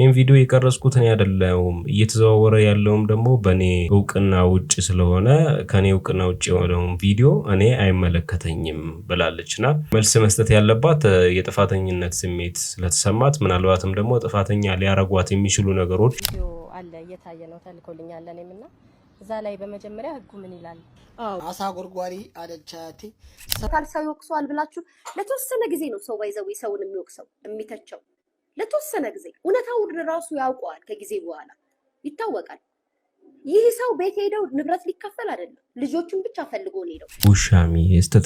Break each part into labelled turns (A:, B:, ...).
A: ይህም ቪዲዮ የቀረጽኩት እኔ አይደለሁም። እየተዘዋወረ ያለውም ደግሞ በእኔ እውቅና ውጭ ስለሆነ ከእኔ እውቅና ውጭ የሆነውን ቪዲዮ እኔ አይመለከተኝም ብላለች እና መልስ መስጠት ያለባት የጥፋተኝነት ስሜት ስለተሰማት ምናልባትም ደግሞ ጥፋተኛ ሊያረጓት የሚችሉ ነገሮች
B: አለ እየታየ ነው ተልኮልኛል። እኔም እና እዛ ላይ በመጀመሪያ ህጉ ምን ይላል?
C: አሳ ጎርጓሪ አለቻቴ ሰው ይወቅሰዋል ብላችሁ ለተወሰነ ጊዜ ነው ሰው ባይዘዊ ሰውን የሚወቅሰው የሚተቸው ለተወሰነ ጊዜ እውነታውን ራሱ ያውቀዋል። ከጊዜ በኋላ ይታወቃል። ይህ ሰው ቤት ሄደው ንብረት ሊካፈል አይደለም፣ ልጆቹን ብቻ ፈልጎ ሄደው።
A: ውሻሚ ሚስት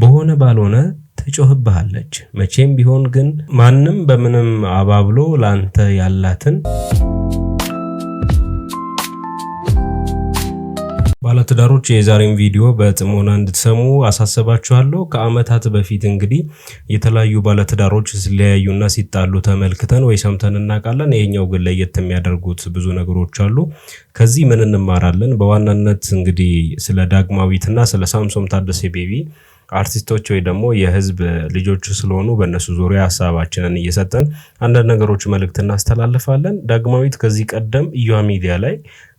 A: በሆነ ባልሆነ ትጮህብሃለች። መቼም ቢሆን ግን ማንም በምንም አባብሎ ላንተ ያላትን ባለትዳሮች የዛሬን ቪዲዮ በጥሞና እንድትሰሙ አሳስባችኋለሁ። ከዓመታት በፊት እንግዲህ የተለያዩ ባለትዳሮች ሲለያዩና ሲጣሉ ተመልክተን ወይ ሰምተን እናውቃለን። ይሄኛው ግን ለየት የሚያደርጉት ብዙ ነገሮች አሉ። ከዚህ ምን እንማራለን? በዋናነት እንግዲህ ስለ ዳግማዊትና ስለ ሳምሶም ታደሴ ቤቢ አርቲስቶች ወይ ደግሞ የህዝብ ልጆች ስለሆኑ በእነሱ ዙሪያ ሀሳባችንን እየሰጠን አንዳንድ ነገሮች መልእክት እናስተላልፋለን። ዳግማዊት ከዚህ ቀደም እያ ሚዲያ ላይ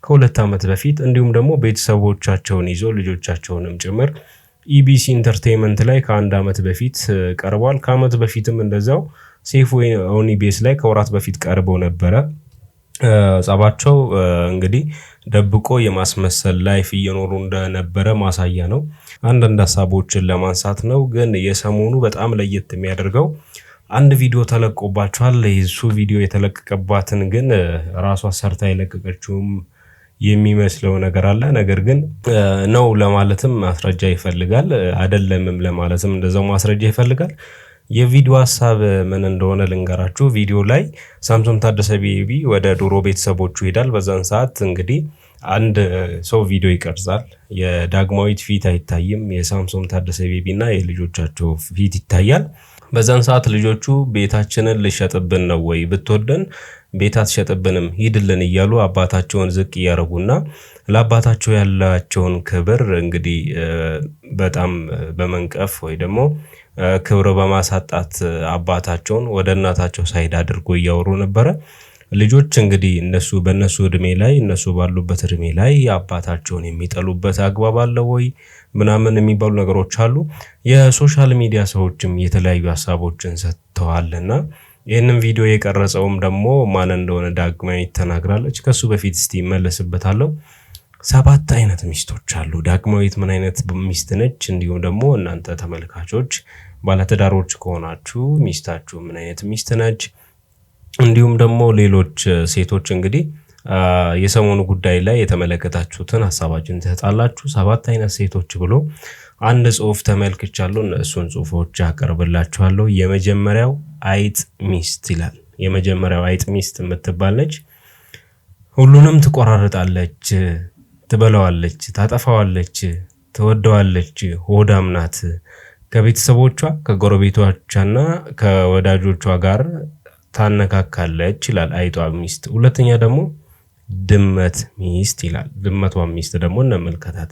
A: ከሁለት ዓመት በፊት እንዲሁም ደግሞ ቤተሰቦቻቸውን ይዞ ልጆቻቸውንም ጭምር ኢቢሲ ኢንተርቴንመንት ላይ ከአንድ ዓመት በፊት ቀርቧል። ከዓመት በፊትም እንደዛው ሴፍ ኦን ኢቢኤስ ላይ ከወራት በፊት ቀርበው ነበረ። ጸባቸው እንግዲህ ደብቆ የማስመሰል ላይፍ እየኖሩ እንደነበረ ማሳያ ነው። አንዳንድ ሀሳቦችን ለማንሳት ነው። ግን የሰሞኑ በጣም ለየት የሚያደርገው አንድ ቪዲዮ ተለቆባቸዋል። የሱ ቪዲዮ የተለቀቀባትን ግን ራሷ ሰርታ የለቀቀችውም የሚመስለው ነገር አለ። ነገር ግን ነው ለማለትም ማስረጃ ይፈልጋል፣ አይደለምም ለማለትም እንደዛው ማስረጃ ይፈልጋል። የቪዲዮ ሀሳብ ምን እንደሆነ ልንገራችሁ። ቪዲዮ ላይ ሳምሶን ታደሰ ቤቢ ወደ ዶሮ ቤተሰቦቹ ይሄዳል። በዛን ሰዓት እንግዲህ አንድ ሰው ቪዲዮ ይቀርጻል። የዳግማዊት ፊት አይታይም። የሳምሶን ታደሰ ቤቢ እና የልጆቻቸው ፊት ይታያል። በዛን ሰዓት ልጆቹ ቤታችንን ልሸጥብን ነው ወይ ብትወደን ቤት አትሸጥብንም ሂድልን እያሉ አባታቸውን ዝቅ እያደረጉና ለአባታቸው ያላቸውን ክብር እንግዲህ በጣም በመንቀፍ ወይ ደግሞ ክብር በማሳጣት አባታቸውን ወደ እናታቸው ሳይድ አድርጎ እያወሩ ነበረ። ልጆች እንግዲህ እነሱ በእነሱ እድሜ ላይ እነሱ ባሉበት እድሜ ላይ አባታቸውን የሚጠሉበት አግባብ አለ ወይ ምናምን የሚባሉ ነገሮች አሉ። የሶሻል ሚዲያ ሰዎችም የተለያዩ ሀሳቦችን ሰጥተዋልና ይህንም ቪዲዮ የቀረጸውም ደግሞ ማን እንደሆነ ዳግማዊት ተናግራለች። ከሱ በፊት እስቲ እመለስበታለሁ። ሰባት አይነት ሚስቶች አሉ። ዳግማዊት ምን አይነት ሚስት ነች? እንዲሁም ደግሞ እናንተ ተመልካቾች ባለትዳሮች ከሆናችሁ ሚስታችሁ ምን አይነት ሚስት ነች? እንዲሁም ደግሞ ሌሎች ሴቶች እንግዲህ የሰሞኑ ጉዳይ ላይ የተመለከታችሁትን ሀሳባችን ትሰጣላችሁ። ሰባት አይነት ሴቶች ብሎ አንድ ጽሁፍ ተመልክቻለሁ። እነሱን ጽሁፎች ያቀርብላችኋለሁ። የመጀመሪያው አይጥ ሚስት ይላል። የመጀመሪያው አይጥ ሚስት የምትባል ነች። ሁሉንም ትቆራርጣለች፣ ትበላዋለች፣ ታጠፋዋለች፣ ትወደዋለች። ሆዳም ናት። ከቤተሰቦቿ ከጎረቤቶቿና ከወዳጆቿ ጋር ታነካካለች ይላል አይጧ ሚስት። ሁለተኛ ደግሞ ድመት ሚስት ይላል። ድመቷ ሚስት ደግሞ እንመልከታት።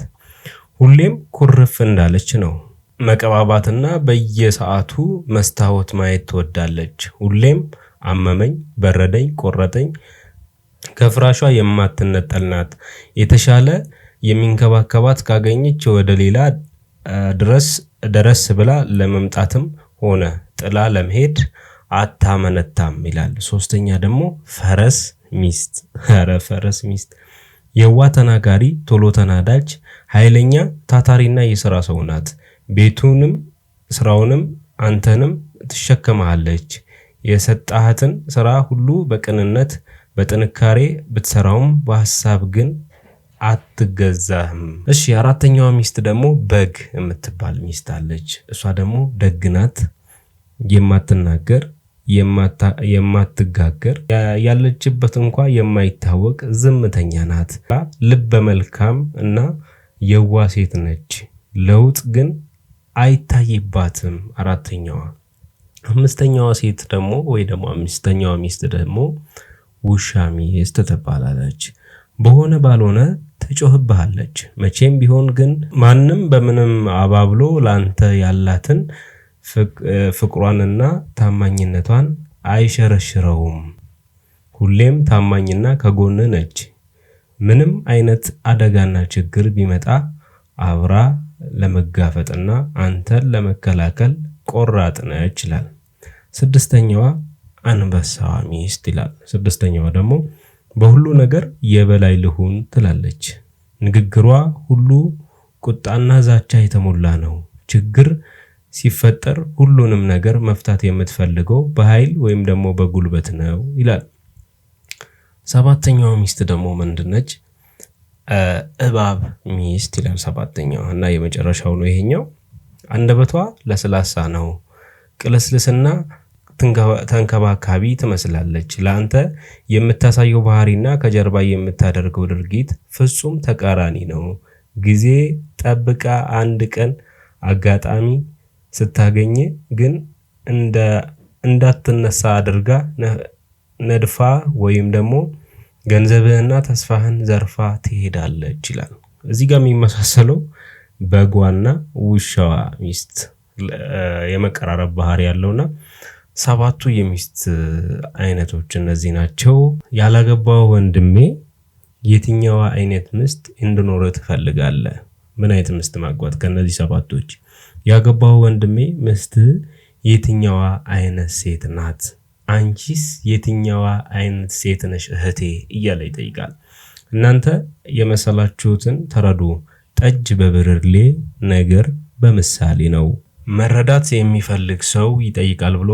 A: ሁሌም ኩርፍ እንዳለች ነው። መቀባባትና በየሰዓቱ መስታወት ማየት ትወዳለች። ሁሌም አመመኝ፣ በረደኝ፣ ቆረጠኝ ከፍራሿ የማትነጠል ናት። የተሻለ የሚንከባከባት ካገኘች ወደ ሌላ ድረስ ደረስ ብላ ለመምጣትም ሆነ ጥላ ለመሄድ አታመነታም ይላል። ሶስተኛ ደግሞ ፈረስ ሚስት፣ ኧረ ፈረስ ሚስት የዋ ተናጋሪ፣ ቶሎ ተናዳጅ፣ ኃይለኛ፣ ታታሪና የሥራ ሰው ናት። ቤቱንም ስራውንም አንተንም ትሸከመሃለች። የሰጣህትን ስራ ሁሉ በቅንነት በጥንካሬ ብትሰራውም በሀሳብ ግን አትገዛህም። እሺ አራተኛዋ ሚስት ደግሞ በግ የምትባል ሚስት አለች። እሷ ደግሞ ደግናት የማትናገር የማትጋገር ያለችበት እንኳ የማይታወቅ ዝምተኛ ናት። ልበ መልካም እና የዋ ሴት ነች። ለውጥ ግን አይታይባትም። አራተኛዋ አምስተኛዋ ሴት ደግሞ ወይ ደግሞ አምስተኛዋ ሚስት ደግሞ ውሻ ሚስት ትባላለች። በሆነ ባልሆነ ትጮህብሃለች። መቼም ቢሆን ግን ማንም በምንም አባብሎ ላንተ ያላትን ፍቅሯንና ታማኝነቷን አይሸረሽረውም። ሁሌም ታማኝና ከጎን ነች። ምንም አይነት አደጋና ችግር ቢመጣ አብራ ለመጋፈጥና አንተን ለመከላከል ቆራጥ ነች ይላል። ስድስተኛዋ አንበሳዋ ሚስት ይላል። ስድስተኛዋ ደግሞ በሁሉ ነገር የበላይ ልሁን ትላለች። ንግግሯ ሁሉ ቁጣና ዛቻ የተሞላ ነው። ችግር ሲፈጠር ሁሉንም ነገር መፍታት የምትፈልገው በኃይል ወይም ደግሞ በጉልበት ነው ይላል። ሰባተኛው ሚስት ደግሞ ምንድነች? እባብ ሚስት ይላል። ሰባተኛው እና የመጨረሻው ነው ይሄኛው። አንደበቷ ለስላሳ ነው፣ ቅልስልስና ተንከባካቢ ትመስላለች። ለአንተ የምታሳየው ባህሪና ከጀርባ የምታደርገው ድርጊት ፍጹም ተቃራኒ ነው። ጊዜ ጠብቃ አንድ ቀን አጋጣሚ ስታገኝ ግን እንደ እንዳትነሳ አድርጋ ነድፋ ወይም ደግሞ ገንዘብህና ተስፋህን ዘርፋ ትሄዳለች ይላል። እዚህ ጋር የሚመሳሰለው በጓና ውሻዋ ሚስት የመቀራረብ ባህሪ ያለውና ሰባቱ የሚስት አይነቶች እነዚህ ናቸው። ያላገባው ወንድሜ የትኛዋ አይነት ሚስት እንድኖረ ትፈልጋለህ? ምን አይነት ምስት ማግባት? ከእነዚህ ሰባቶች ያገባው ወንድሜ ምስት የትኛዋ አይነት ሴት ናት? አንቺስ የትኛዋ አይነት ሴት ነሽ እህቴ? እያለ ይጠይቃል። እናንተ የመሰላችሁትን ተረዱ። ጠጅ በብርሌ ነገር በምሳሌ ነው። መረዳት የሚፈልግ ሰው ይጠይቃል ብሎ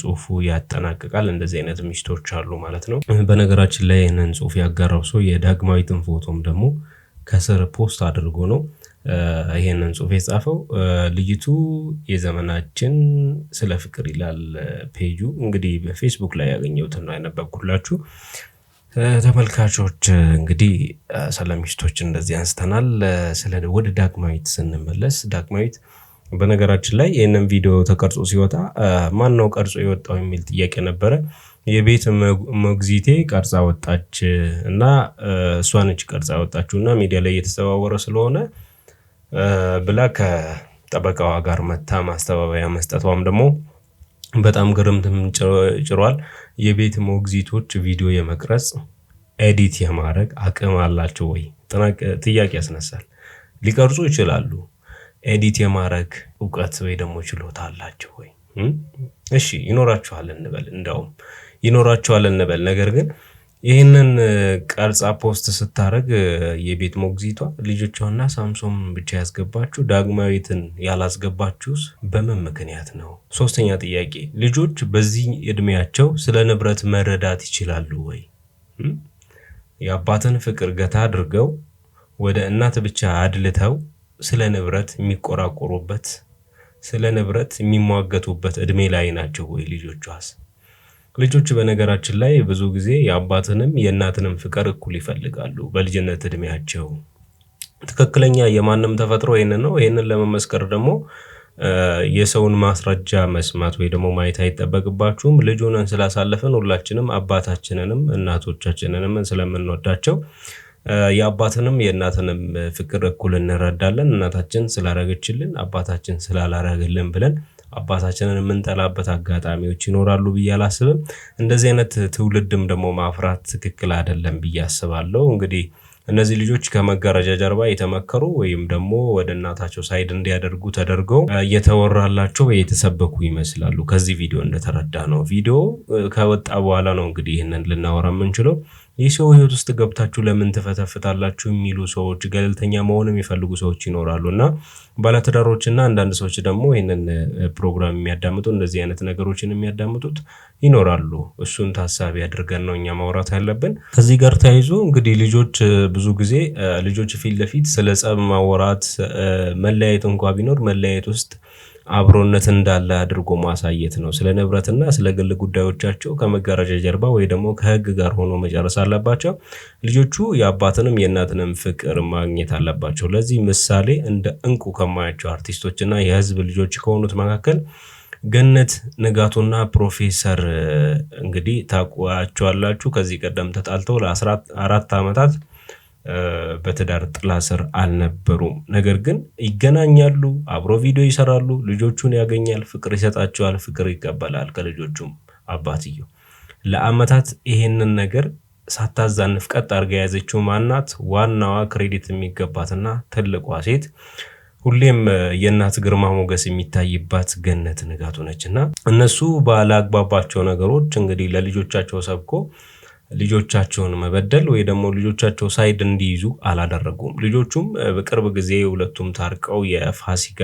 A: ጽሁፉ ያጠናቅቃል። እንደዚህ አይነት ምሽቶች አሉ ማለት ነው። በነገራችን ላይ ይህንን ጽሁፍ ያጋራው ሰው የዳግማዊትን ፎቶም ደግሞ ከስር ፖስት አድርጎ ነው ይሄንን ጽሁፍ የጻፈው። ልጅቱ የዘመናችን ስለ ፍቅር ይላል ፔጁ። እንግዲህ በፌስቡክ ላይ ያገኘሁትን ነው ያነበብኩላችሁ። ተመልካቾች እንግዲህ ስለ ሚስቶች እንደዚህ አንስተናል። ስለ ወደ ዳግማዊት ስንመለስ ዳግማዊት በነገራችን ላይ ይህንን ቪዲዮ ተቀርጾ ሲወጣ ማን ነው ቀርጾ የወጣው የሚል ጥያቄ ነበረ። የቤት ሞግዚቴ ቀርጻ ወጣች እና እሷ ነች ቀርጻ ወጣችው እና ሚዲያ ላይ እየተዘዋወረ ስለሆነ ብላ ከጠበቃዋ ጋር መታ ማስተባበያ መስጠቷም ደግሞ በጣም ግርምትም ጭሯል። የቤት ሞግዚቶች ቪዲዮ የመቅረጽ ኤዲት የማድረግ አቅም አላቸው ወይ? ጥያቄ ያስነሳል። ሊቀርጹ ይችላሉ። ኤዲት የማድረግ እውቀት ወይ ደግሞ ችሎታ አላቸው ወይ? እሺ ይኖራችኋል እንበል እንደውም ይኖራቸዋል እንበል። ነገር ግን ይህንን ቀርጻ ፖስት ስታደርግ የቤት ሞግዚቷ ልጆቿና ሳምሶም ብቻ ያስገባችሁ ዳግማዊትን ያላስገባችሁስ በምን ምክንያት ነው? ሶስተኛ ጥያቄ ልጆች በዚህ እድሜያቸው ስለ ንብረት መረዳት ይችላሉ ወይ? የአባትን ፍቅር ገታ አድርገው ወደ እናት ብቻ አድልተው ስለ ንብረት የሚቆራቆሩበት ስለ ንብረት የሚሟገቱበት እድሜ ላይ ናቸው ወይ ልጆቿስ? ልጆች በነገራችን ላይ ብዙ ጊዜ የአባትንም የእናትንም ፍቅር እኩል ይፈልጋሉ በልጅነት እድሜያቸው። ትክክለኛ የማንም ተፈጥሮ ይህንን ነው። ይህንን ለመመስከር ደግሞ የሰውን ማስረጃ መስማት ወይ ደግሞ ማየት አይጠበቅባችሁም። ልጁንን ስላሳለፍን ሁላችንም አባታችንንም እናቶቻችንንም ስለምንወዳቸው የአባትንም የእናትንም ፍቅር እኩል እንረዳለን። እናታችን ስላረገችልን አባታችን ስላላረገልን ብለን አባታችንን የምንጠላበት አጋጣሚዎች ይኖራሉ ብዬ አላስብም። እንደዚህ አይነት ትውልድም ደግሞ ማፍራት ትክክል አይደለም ብዬ አስባለሁ። እንግዲህ እነዚህ ልጆች ከመጋረጃ ጀርባ የተመከሩ ወይም ደግሞ ወደ እናታቸው ሳይድ እንዲያደርጉ ተደርገው እየተወራላቸው የተሰበኩ ይመስላሉ። ከዚህ ቪዲዮ እንደተረዳ ነው። ቪዲዮ ከወጣ በኋላ ነው እንግዲህ ይህንን ልናወራ የምንችለው። የሰው ህይወት ውስጥ ገብታችሁ ለምን ትፈተፍታላችሁ የሚሉ ሰዎች፣ ገለልተኛ መሆን የሚፈልጉ ሰዎች ይኖራሉ እና ባለትዳሮች እና አንዳንድ ሰዎች ደግሞ ይህንን ፕሮግራም የሚያዳምጡ እንደዚህ አይነት ነገሮችን የሚያዳምጡት ይኖራሉ። እሱን ታሳቢ አድርገን ነው እኛ ማውራት ያለብን። ከዚህ ጋር ተያይዞ እንግዲህ ልጆች ብዙ ጊዜ ልጆች ፊት ለፊት ስለ ጸብ ማወራት መለያየት እንኳ ቢኖር መለያየት ውስጥ አብሮነት እንዳለ አድርጎ ማሳየት ነው። ስለ ንብረትና ስለ ግል ጉዳዮቻቸው ከመጋረጃ ጀርባ ወይ ደግሞ ከህግ ጋር ሆኖ መጨረስ አለባቸው። ልጆቹ የአባትንም የእናትንም ፍቅር ማግኘት አለባቸው። ለዚህ ምሳሌ እንደ እንቁ ከማያቸው አርቲስቶችና የህዝብ ልጆች ከሆኑት መካከል ገነት ንጋቱና ፕሮፌሰር እንግዲህ ታውቋቸዋላችሁ። ከዚህ ቀደም ተጣልተው ለአራት ዓመታት በትዳር ጥላ ስር አልነበሩም። ነገር ግን ይገናኛሉ፣ አብሮ ቪዲዮ ይሰራሉ፣ ልጆቹን ያገኛል፣ ፍቅር ይሰጣቸዋል፣ ፍቅር ይቀበላል ከልጆቹም አባትየው። ለአመታት ይሄንን ነገር ሳታዛንፍ ቀጥ አድርጋ የያዘችው ማናት? ዋናዋ ክሬዲት የሚገባትና ትልቋ ሴት ሁሌም የእናት ግርማ ሞገስ የሚታይባት ገነት ንጋቱ ነች እና እነሱ ባላግባባቸው ነገሮች እንግዲህ ለልጆቻቸው ሰብኮ ልጆቻቸውን መበደል ወይ ደግሞ ልጆቻቸው ሳይድ እንዲይዙ አላደረጉም። ልጆቹም በቅርብ ጊዜ ሁለቱም ታርቀው የፋሲጋ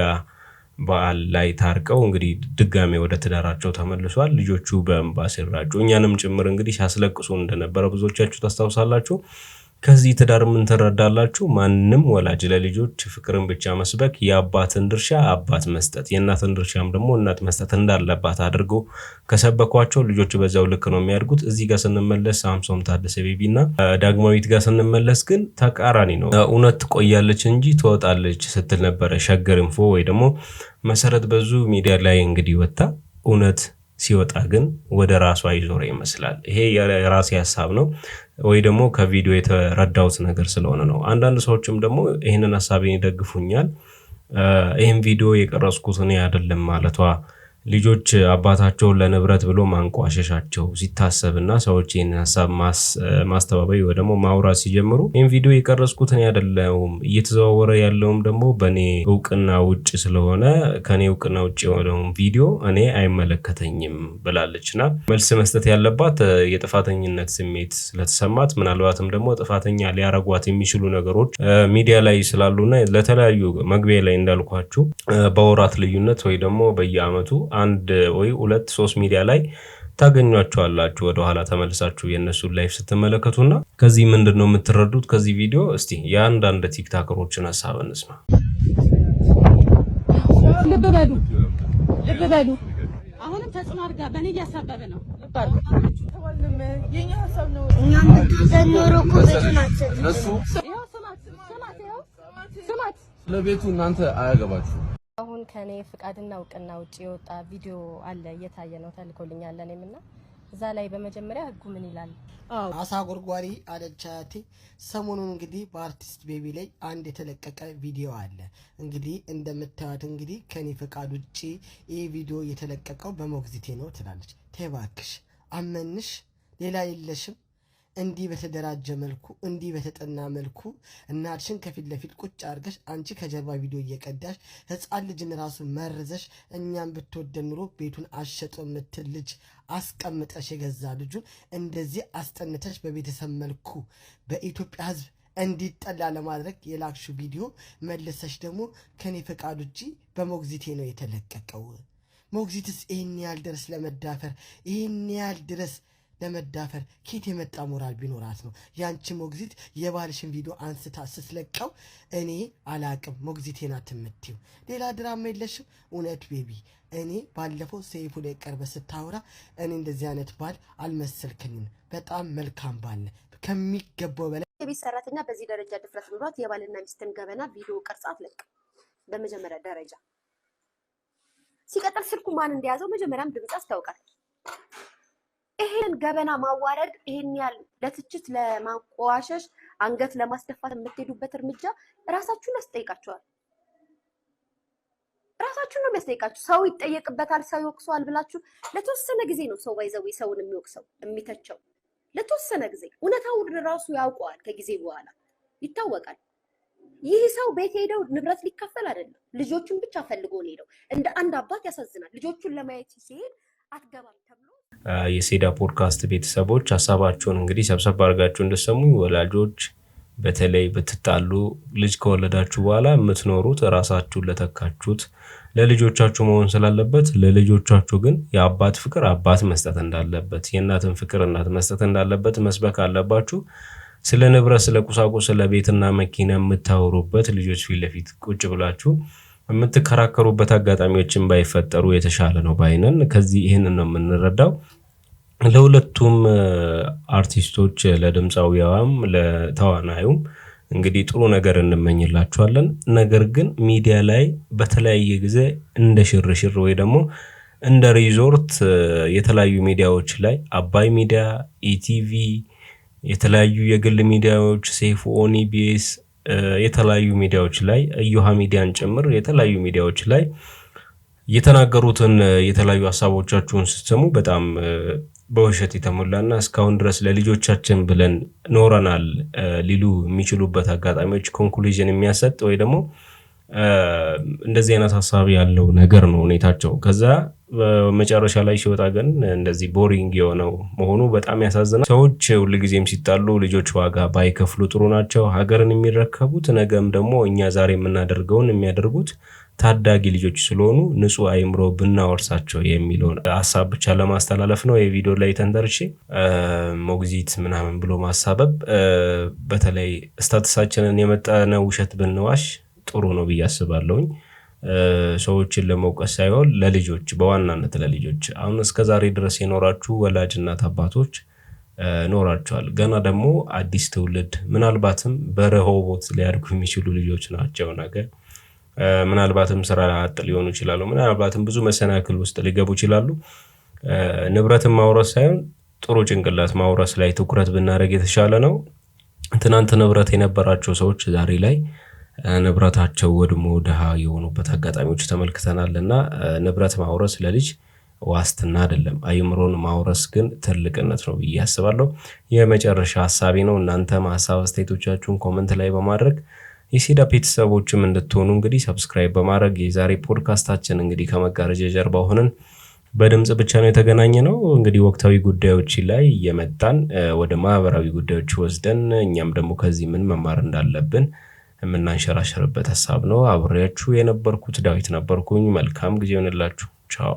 A: በዓል ላይ ታርቀው እንግዲህ ድጋሜ ወደ ትዳራቸው ተመልሷል። ልጆቹ በእንባ ሲራጩ እኛንም ጭምር እንግዲህ ሲያስለቅሱ እንደነበረ ብዙዎቻችሁ ታስታውሳላችሁ። ከዚህ ትዳር ምን ትረዳላችሁ? ማንም ወላጅ ለልጆች ፍቅርን ብቻ መስበክ የአባትን ድርሻ አባት መስጠት፣ የእናትን ድርሻም ደግሞ እናት መስጠት እንዳለባት አድርጎ ከሰበኳቸው ልጆች በዛው ልክ ነው የሚያድጉት። እዚህ ጋር ስንመለስ ሳምሶም ታደሰ ቤቢ እና ዳግማዊት ጋር ስንመለስ ግን ተቃራኒ ነው። እውነት ትቆያለች እንጂ ትወጣለች ስትል ነበረ ሸገር ኢንፎ ወይ ደግሞ መሰረት በዙ ሚዲያ ላይ እንግዲህ ወጣ እውነት ሲወጣ ግን ወደ ራሷ ይዞረ ይመስላል። ይሄ የራሴ ሀሳብ ነው ወይ ደግሞ ከቪዲዮ የተረዳሁት ነገር ስለሆነ ነው። አንዳንድ ሰዎችም ደግሞ ይህንን ሀሳብ ይደግፉኛል። ይህም ቪዲዮ የቀረጽኩት እኔ አይደለም ማለቷ ልጆች አባታቸውን ለንብረት ብሎ ማንቋሸሻቸው ሲታሰብና ሰዎች ይህንን ሀሳብ ማስተባበይ ወይ ደግሞ ማውራት ሲጀምሩ ይህም ቪዲዮ የቀረጽኩት እኔ አይደለሁም፣ እየተዘዋወረ ያለውም ደግሞ በእኔ እውቅና ውጭ ስለሆነ ከእኔ እውቅና ውጭ የሆነውን ቪዲዮ እኔ አይመለከተኝም ብላለችና መልስ መስጠት ያለባት የጥፋተኝነት ስሜት ስለተሰማት ምናልባትም ደግሞ ጥፋተኛ ሊያረጓት የሚችሉ ነገሮች ሚዲያ ላይ ስላሉና ለተለያዩ መግቢያ ላይ እንዳልኳችሁ በወራት ልዩነት ወይ ደግሞ በየአመቱ አንድ ወይ ሁለት ሶስት ሚዲያ ላይ ታገኟቸዋላችሁ። ወደኋላ ተመልሳችሁ የእነሱን ላይፍ ስትመለከቱና ከዚህ ምንድን ነው የምትረዱት? ከዚህ ቪዲዮ እስቲ የአንዳንድ ቲክታክሮችን ሀሳብ እንስማ።
C: ልብ በሉ ልብ በሉ። አሁንም ተጽዕኖ አድርጋ በእኔ እያሳበበ ነው።
A: ለቤቱ እናንተ አያገባችሁ
B: አሁን ከኔ ፍቃድና እውቅና ውጭ የወጣ ቪዲዮ አለ እየታየ ነው፣ ተልኮልኛል እኔም እና እዛ ላይ በመጀመሪያ ህጉ ምን ይላል?
C: አሳ ጎርጓሪ አለች አያቴ። ሰሞኑን እንግዲህ በአርቲስት ቤቢ ላይ አንድ የተለቀቀ ቪዲዮ አለ። እንግዲህ እንደምታዩት እንግዲህ ከኔ ፍቃድ ውጭ ይህ ቪዲዮ የተለቀቀው በሞግዚቴ ነው ትላለች። ተባክሽ አመንሽ ሌላ የለሽም እንዲህ በተደራጀ መልኩ እንዲህ በተጠና መልኩ እናትሽን ከፊት ለፊት ቁጭ አድርገሽ አንቺ ከጀርባ ቪዲዮ እየቀዳሽ ሕፃን ልጅን ራሱ መርዘሽ እኛም ብትወደን ኑሮ ቤቱን አሸጦ የምትል ልጅ አስቀምጠሽ የገዛ ልጁን እንደዚህ አስጠንተሽ በቤተሰብ መልኩ በኢትዮጵያ ህዝብ እንዲጠላ ለማድረግ የላክሹ ቪዲዮ መልሰሽ ደግሞ ከኔ ፈቃድ ውጪ በሞግዚቴ ነው የተለቀቀው። ሞግዚትስ ይህን ያህል ድረስ ለመዳፈር ይህን ያህል ድረስ ለመዳፈር ኬት የመጣ ሞራል ቢኖራት ነው? ያንቺ ሞግዚት የባልሽን ቪዲዮ አንስታ ስትለቀው እኔ አላቅም ሞግዚቴ ናት የምትይው። ሌላ ድራማ የለሽም? እውነት ቤቢ፣ እኔ ባለፈው ሰይፉ ላይ ቀርበ ስታወራ እኔ እንደዚህ አይነት ባል አልመሰልከኝም። በጣም መልካም ባለ ከሚገባው በላይ
B: የቤት ሰራተኛ በዚህ ደረጃ ድፍረት ኑሯት የባልና ሚስትን ገበና ቪዲዮ ቅርጽ አትለቅም። በመጀመሪያ ደረጃ ሲቀጥል ስልኩ ማን እንደያዘው መጀመሪያም ድምፅ ያስታውቃል። ይሄን ገበና ማዋረድ ይሄን ያህል ለትችት ለማንቋሸሽ አንገት ለማስደፋት የምትሄዱበት እርምጃ ራሳችሁን ያስጠይቃችኋል። ራሳችሁን ነው የሚያስጠይቃችሁ። ሰው ይጠየቅበታል፣ ሰው ይወቅሰዋል ብላችሁ ለተወሰነ ጊዜ ነው ሰው ባይዘው ሰውን የሚወቅሰው የሚተቸው ለተወሰነ ጊዜ እውነታውን ራሱ ያውቀዋል። ከጊዜ በኋላ ይታወቃል። ይህ ሰው ቤት ሄደው ንብረት ሊካፈል አይደለም፣ ልጆቹን ብቻ ፈልጎ ነው ሄደው። እንደ አንድ አባት ያሳዝናል። ልጆቹን ለማየት ሲሄድ አትገባም
A: ተብሎ የሴዳ ፖድካስት ቤተሰቦች ሀሳባችሁን እንግዲህ ሰብሰብ አድርጋችሁ እንደሰሙ ወላጆች በተለይ ብትጣሉ ልጅ ከወለዳችሁ በኋላ የምትኖሩት ራሳችሁን ለተካችሁት ለልጆቻችሁ መሆን ስላለበት ለልጆቻችሁ ግን የአባት ፍቅር አባት መስጠት እንዳለበት የእናትን ፍቅር እናት መስጠት እንዳለበት መስበክ አለባችሁ። ስለ ንብረት፣ ስለ ቁሳቁስ፣ ስለ ቤትና መኪና የምታወሩበት ልጆች ፊት ለፊት ቁጭ ብላችሁ የምትከራከሩበት አጋጣሚዎችን ባይፈጠሩ የተሻለ ነው ባይነን ከዚህ ይህንን ነው የምንረዳው። ለሁለቱም አርቲስቶች ለድምፃዊያም ለተዋናዩም እንግዲህ ጥሩ ነገር እንመኝላችኋለን። ነገር ግን ሚዲያ ላይ በተለያየ ጊዜ እንደ ሽርሽር ወይ ደግሞ እንደ ሪዞርት የተለያዩ ሚዲያዎች ላይ አባይ ሚዲያ፣ ኢቲቪ፣ የተለያዩ የግል ሚዲያዎች ሴፎኒ ኦን የተለያዩ ሚዲያዎች ላይ እዮሃ ሚዲያን ጭምር የተለያዩ ሚዲያዎች ላይ የተናገሩትን የተለያዩ ሀሳቦቻችሁን ስትሰሙ በጣም በውሸት የተሞላና እስካሁን ድረስ ለልጆቻችን ብለን ኖረናል ሊሉ የሚችሉበት አጋጣሚዎች ኮንክሉዥን የሚያሰጥ ወይ ደግሞ እንደዚህ አይነት ሀሳብ ያለው ነገር ነው ሁኔታቸው። ከዛ መጨረሻ ላይ ሲወጣ ግን እንደዚህ ቦሪንግ የሆነው መሆኑ በጣም ያሳዝናል። ሰዎች ሁልጊዜም ሲጣሉ ልጆች ዋጋ ባይከፍሉ ጥሩ ናቸው። ሀገርን የሚረከቡት ነገም ደግሞ እኛ ዛሬ የምናደርገውን የሚያደርጉት ታዳጊ ልጆች ስለሆኑ ንጹህ አይምሮ ብናወርሳቸው የሚለውን ሀሳብ ብቻ ለማስተላለፍ ነው። የቪዲዮ ላይ ተንተርሼ ሞግዚት ምናምን ብሎ ማሳበብ በተለይ ስታትሳችንን የመጠነ ውሸት ብንዋሽ ጥሩ ነው ብዬ አስባለሁኝ። ሰዎችን ለመውቀስ ሳይሆን ለልጆች በዋናነት ለልጆች አሁን እስከ ዛሬ ድረስ የኖራችሁ ወላጅ እናት አባቶች ኖራቸዋል። ገና ደግሞ አዲስ ትውልድ ምናልባትም በረሆቦት ሊያድጉ የሚችሉ ልጆች ናቸው ነገ ምናልባትም ስራ አጥ ሊሆኑ ይችላሉ። ምናልባትም ብዙ መሰናክል ውስጥ ሊገቡ ይችላሉ። ንብረትን ማውረስ ሳይሆን ጥሩ ጭንቅላት ማውረስ ላይ ትኩረት ብናደርግ የተሻለ ነው። ትናንት ንብረት የነበራቸው ሰዎች ዛሬ ላይ ንብረታቸው ወድሞ ድሃ የሆኑበት አጋጣሚዎች ተመልክተናል እና ንብረት ማውረስ ለልጅ ዋስትና አይደለም። አይምሮን ማውረስ ግን ትልቅነት ነው ብዬ አስባለሁ። የመጨረሻ ሀሳቤ ነው። እናንተም ሀሳብ አስተያየቶቻችሁን ኮመንት ላይ በማድረግ የሴዳ ቤተሰቦችም እንድትሆኑ እንግዲህ ሰብስክራይብ በማድረግ የዛሬ ፖድካስታችን እንግዲህ ከመጋረጃ ጀርባ ሆነን በድምፅ ብቻ ነው የተገናኘ ነው። እንግዲህ ወቅታዊ ጉዳዮች ላይ እየመጣን ወደ ማህበራዊ ጉዳዮች ወስደን እኛም ደግሞ ከዚህ ምን መማር እንዳለብን የምናንሸራሸርበት ሀሳብ ነው። አብሬያችሁ የነበርኩት ዳዊት ነበርኩኝ። መልካም ጊዜ ይሆንላችሁ። ቻው